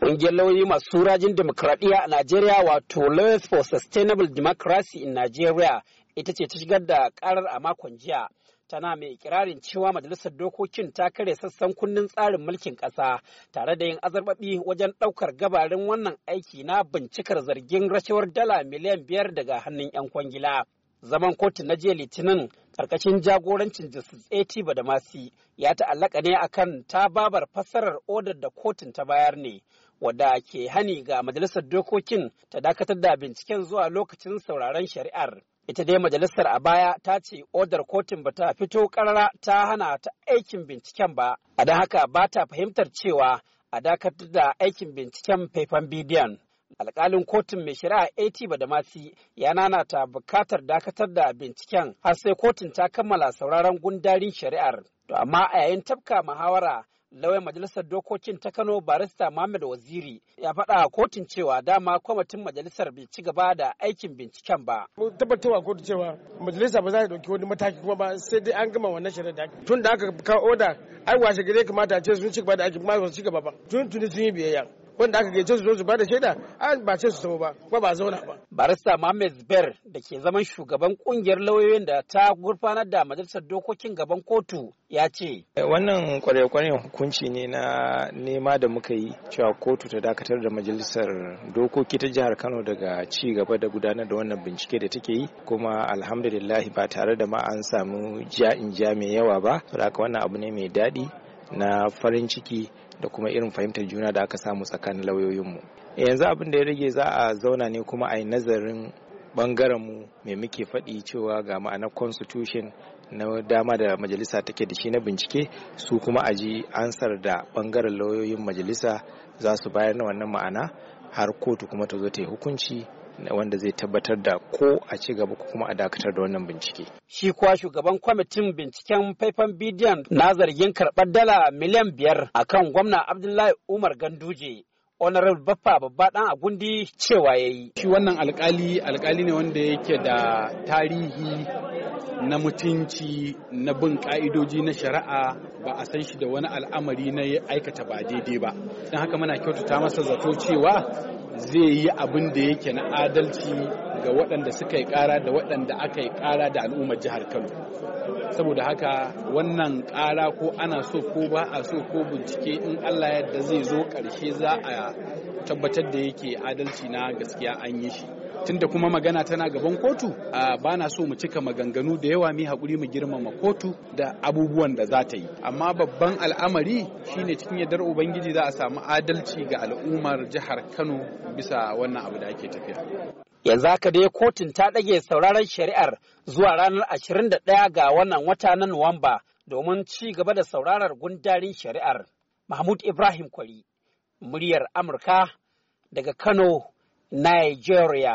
Ƙungiyar lauyoyi masu surajin demokuraɗiyya a Najeriya wato Lawyers for Sustainable Democracy in Nigeria ita ce ta shigar da ƙarar a makon jiya. Tana mai ikirarin cewa majalisar dokokin ta kare sassan kundin tsarin mulkin ƙasa tare da yin azarbaɓi wajen ɗaukar gabarin wannan aiki na bincikar zargin rashawar dala miliyan biyar daga hannun 'yan kwangila. zaman kotu na jiya litinin karkashin jagorancin justice A.T. badamasi ya ta'allaka ne akan tababar fassarar odar da kotun ta bayar ne wadda ke hani ga majalisar dokokin ta dakatar da binciken zuwa lokacin sauraron shari'ar. Ita dai majalisar a baya ta ce odar kotun ba ta fito karara ta hana ta aikin binciken ba, a don haka ba ta fahimtar cewa a dakatar da aikin binciken faifan bidiyon. alkalin kotun mai shari'a AT Badamasi ya nanata bukatar dakatar da binciken har sai kotun ta kammala sauraron gundarin shari'ar. To amma a yayin tafka muhawara lauyan majalisar dokokin ta kano barista muhammad waziri ya faɗa a kotun cewa dama kwamitin majalisar bai ci gaba da aikin binciken ba. mun wa kotu cewa majalisa ba za ta ɗauki wani mataki kuma ba sai dai an gama wannan shirin da tun da aka kawo oda ai washe gare kamata a ce sun ci gaba da aikin ba su ci gaba ba tun tuni sun yi biyayya. wanda aka gece su zo su ba da shaida a ba ce su tafi ba ba ba zauna ba. Barista Mohammed Zubair da ke zaman shugaban kungiyar lauyoyin da ta gurfanar da majalisar dokokin gaban kotu ya ce. Eh, wannan kwarekwaren hukunci ne na nema da muka yi cewa kotu ta dakatar da majalisar dokoki ta jihar Kano daga ci gaba da gudanar da wannan bincike da take yi kuma alhamdulillah ba tare da ma an samu ja'in ja mai yawa ba. Saboda wannan abu ne mai daɗi na farin ciki da kuma irin fahimtar juna da aka samu tsakanin lauyoyinmu yanzu abin da ya rage za a zauna ne kuma a yi nazarin mu mai muke faɗi cewa ga ma'anar constitution na dama da majalisa take da shi na bincike su kuma a ji ansar da bangaren lauyoyin majalisa za su bayar na wannan ma'ana har kotu kuma ta zo ta yi hukunci wanda zai tabbatar da ko a ci gaba ko kuma a dakatar da wannan bincike. Shi kuwa shugaban kwamitin binciken faifan bidiyon na zargin karɓar dala miliyan biyar a kan gwamna Abdullahi Umar Ganduje. honorable baffa babba dan agundi cewa ya yi shi wannan alkali alkali ne wanda yake da tarihi na mutunci na bin ka'idoji na shari'a ba a san shi da wani al'amari na aikata ba daidai ba don haka muna kyautata masa zato cewa zai yi abin da yake na adalci ga waɗanda suka yi ƙara da waɗanda aka yi ƙara da al'ummar jihar kano saboda haka wannan ƙara ko ana so ko ba a so ko bincike in allah yadda zai zo ƙarshe za a tabbatar da yake adalci na gaskiya an yi shi tunda kuma magana tana gaban kotu ba na so mu cika maganganu da da yawa mu haƙuri mu girmama kotu da abubuwan da za ta yi amma babban al'amari shine cikin yardar ubangiji za a samu adalci ga al'ummar jihar Kano bisa wannan abu da ake tafiya yanzu haka dai kotun ta ɗage sauraron shari'ar zuwa ranar 21 ga wannan wata na Nuwamba domin ci gaba da saurarar gundarin shari'ar Mahmud Ibrahim Kwari muryar Amurka daga Kano Nigeria